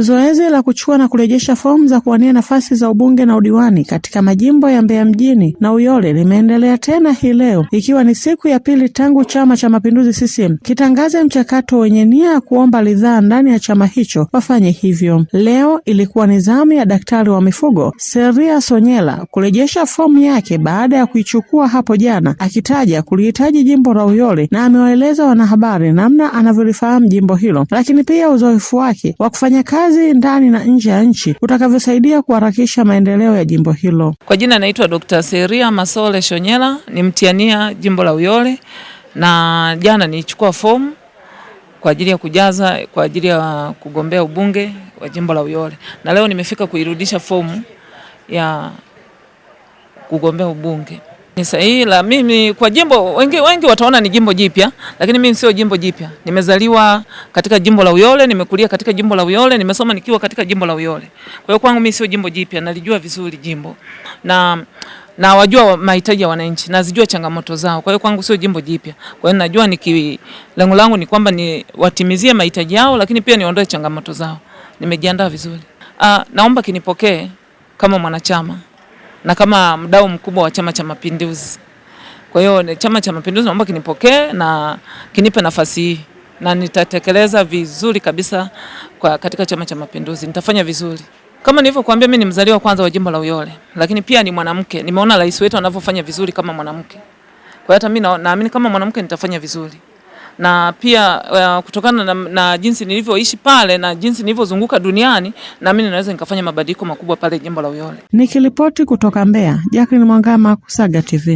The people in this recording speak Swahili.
Zoezi la kuchukua na kurejesha fomu za kuwania nafasi za ubunge na udiwani katika majimbo ya Mbeya mjini na Uyole limeendelea tena hii leo ikiwa ni siku ya pili tangu Chama cha Mapinduzi CCM kitangaze mchakato wenye nia ya kuomba ridhaa ndani ya chama hicho wafanye hivyo. Leo ilikuwa ni zamu ya daktari wa mifugo Seria Sonyela kurejesha fomu yake baada ya kuichukua hapo jana, akitaja kulihitaji jimbo la Uyole na amewaeleza wanahabari namna anavyolifahamu jimbo hilo, lakini pia uzoefu wake wa kufanya kazi ndani na nje ya nchi utakavyosaidia kuharakisha maendeleo ya jimbo hilo. Kwa jina naitwa Dr. Seria Masole Shonyela, ni mtiania jimbo la Uyole, na jana nilichukua fomu kwa ajili ya kujaza kwa ajili ya kugombea ubunge wa jimbo la Uyole, na leo nimefika kuirudisha fomu ya kugombea ubunge. Ni sahihi la mimi kwa jimbo, wengi wengi wataona ni jimbo jipya, lakini mimi sio jimbo jipya. Nimezaliwa katika jimbo la Uyole, nimekulia katika jimbo la Uyole, nimesoma nikiwa katika jimbo la Uyole. Kwa hiyo kwangu mimi sio jimbo jipya, nalijua vizuri jimbo na na wajua mahitaji ya wananchi, nazijua changamoto zao. Kwa hiyo kwangu sio jimbo jipya. Kwa hiyo najua ni lengo langu ni kwamba ni watimizie mahitaji yao, lakini pia niondoe changamoto zao. Nimejiandaa vizuri. Ah, naomba kinipokee kama mwanachama na kama mdau mkubwa wa Chama cha Mapinduzi. Kwa hiyo Chama cha Mapinduzi naomba kinipokee na kinipe nafasi hii na nitatekeleza vizuri kabisa kwa katika Chama cha Mapinduzi, nitafanya vizuri kama nilivyokuambia. Mimi ni mzaliwa kwanza wa jimbo la Uyole, lakini pia ni mwanamke. Nimeona rais wetu anavyofanya vizuri kama mwanamke, kwa hiyo hata mimi naamini kama mwanamke nitafanya vizuri na pia uh, kutokana na, na jinsi nilivyoishi pale na jinsi nilivyozunguka duniani na mimi naweza nikafanya mabadiliko makubwa pale jimbo la Uyole. Nikilipoti kutoka Mbeya, Jacqueline Mwangama, Kusaga TV.